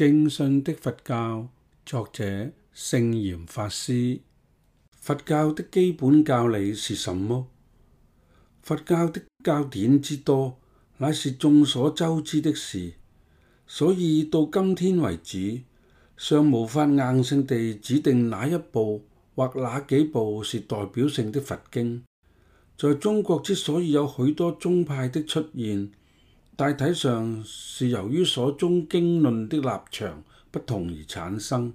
正信的佛教，作者聖嚴法師。佛教的基本教理是什麼？佛教的教典之多，乃是眾所周知的事，所以到今天為止，尚無法硬性地指定哪一部或哪幾部是代表性的佛經。在、就是、中國之所以有許多宗派的出現。大體上是由於所中經論的立場不同而產生。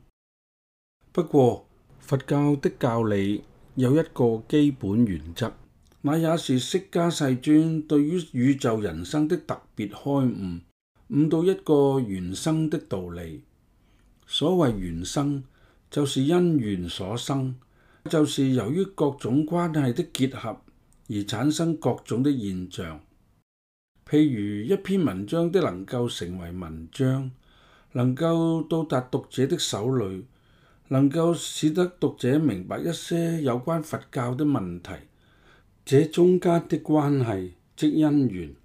不過佛教的教理有一個基本原則，那也是釋迦世尊對於宇宙人生的特別開悟，悟到一個緣生的道理。所謂緣生，就是因緣所生，就是由於各種關係的結合而產生各種的現象。譬如一篇文章的能夠成為文章，能夠到達讀者的手裏，能夠使得讀者明白一些有關佛教的問題，這中間的關係即因緣，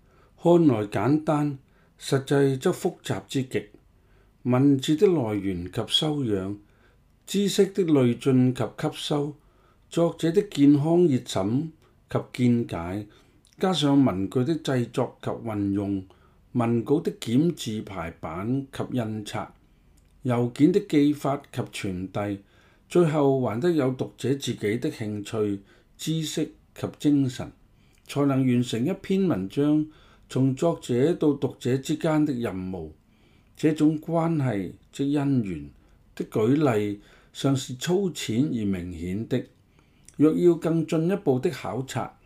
看來簡單，實際則複雜之極。文字的來源及修養，知識的累進及吸收，作者的健康熱忱及見解。加上文具的製作及運用、文稿的檢字排版及印刷、郵件的寄發及傳遞，最後還得有讀者自己的興趣、知識及精神，才能完成一篇文章。從作者到讀者之間的任務，這種關係即因緣的舉例，尚是粗淺而明顯的。若要更進一步的考察，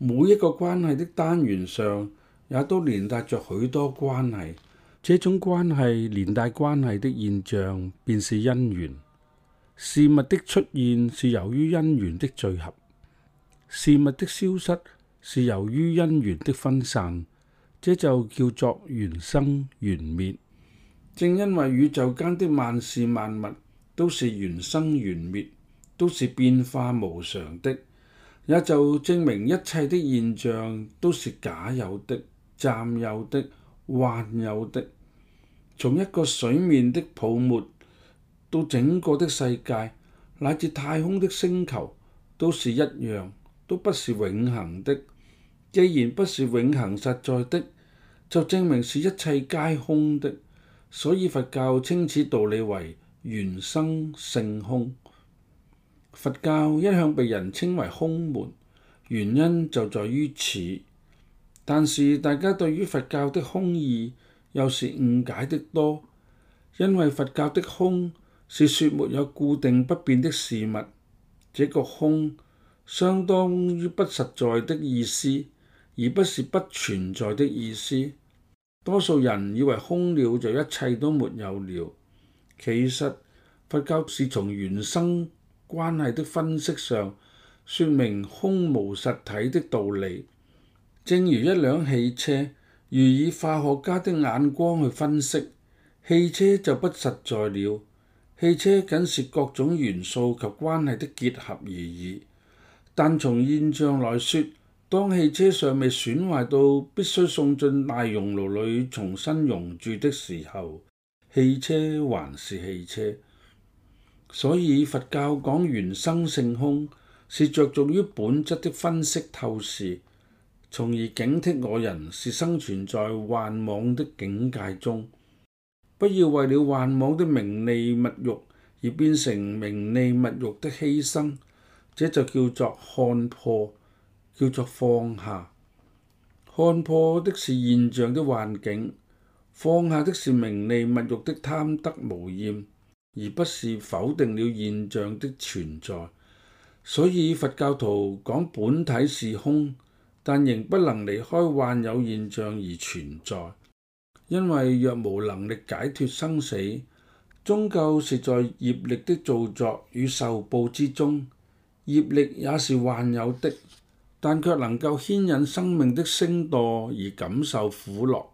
每一個關係的單元上，也都連帶着許多關係。這種關係連帶關係的現象，便是因緣。事物的出現是由於因緣的聚合，事物的消失是由於因緣的分散。這就叫做緣生緣滅。正因為宇宙間的萬事萬物都是緣生緣滅，都是變化無常的。也就證明一切的現象都是假有的、暫有的、幻有的。從一個水面的泡沫到整個的世界乃至太空的星球都是一樣，都不是永恆的。既然不是永恆實在的，就證明是一切皆空的。所以佛教稱此道理為緣生性空。佛教一向被人稱為空門，原因就在於此。但是大家對於佛教的空義又是誤解的多，因為佛教的空是說沒有固定不變的事物，這個空相當於不實在的意思，而不是不存在的意思。多數人以為空了就一切都沒有了，其實佛教是從原生關係的分析上，說明空無實體的道理。正如一輛汽車，如以化學家的眼光去分析，汽車就不實在了。汽車僅是各種元素及關係的結合而已。但從現象來説，當汽車尚未損壞到必須送進大熔爐裏重新熔鑄的時候，汽車還是汽車。所以佛教講緣生性空，是着重於本質的分析透視，從而警惕我人是生存在幻妄的境界中，不要為了幻妄的名利物欲而變成名利物欲的犧牲。這就叫做看破，叫做放下。看破的是現象的幻境，放下的是名利物欲的貪得無厭。而不是否定了現象的存在，所以佛教徒講本體是空，但仍不能離開幻有現象而存在。因為若無能力解脱生死，終究是在業力的造作與受報之中。業力也是幻有的，但卻能夠牽引生命的升墮而感受苦樂。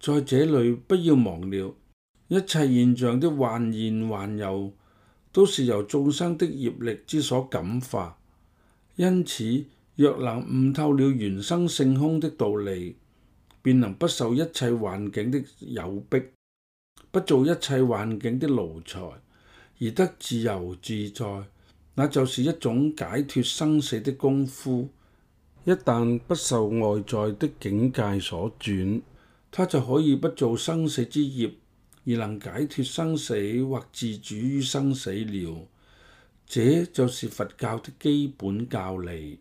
在這裡，不要忘了。一切現象的幻現幻有，都是由眾生的業力之所感化。因此，若能悟透了緣生性空的道理，便能不受一切環境的誘逼，不做一切環境的奴才，而得自由自在。那就是一種解脫生死的功夫。一旦不受外在的境界所轉，他就可以不做生死之業。而能解脱生死或自主於生死了，這就是佛教的基本教理。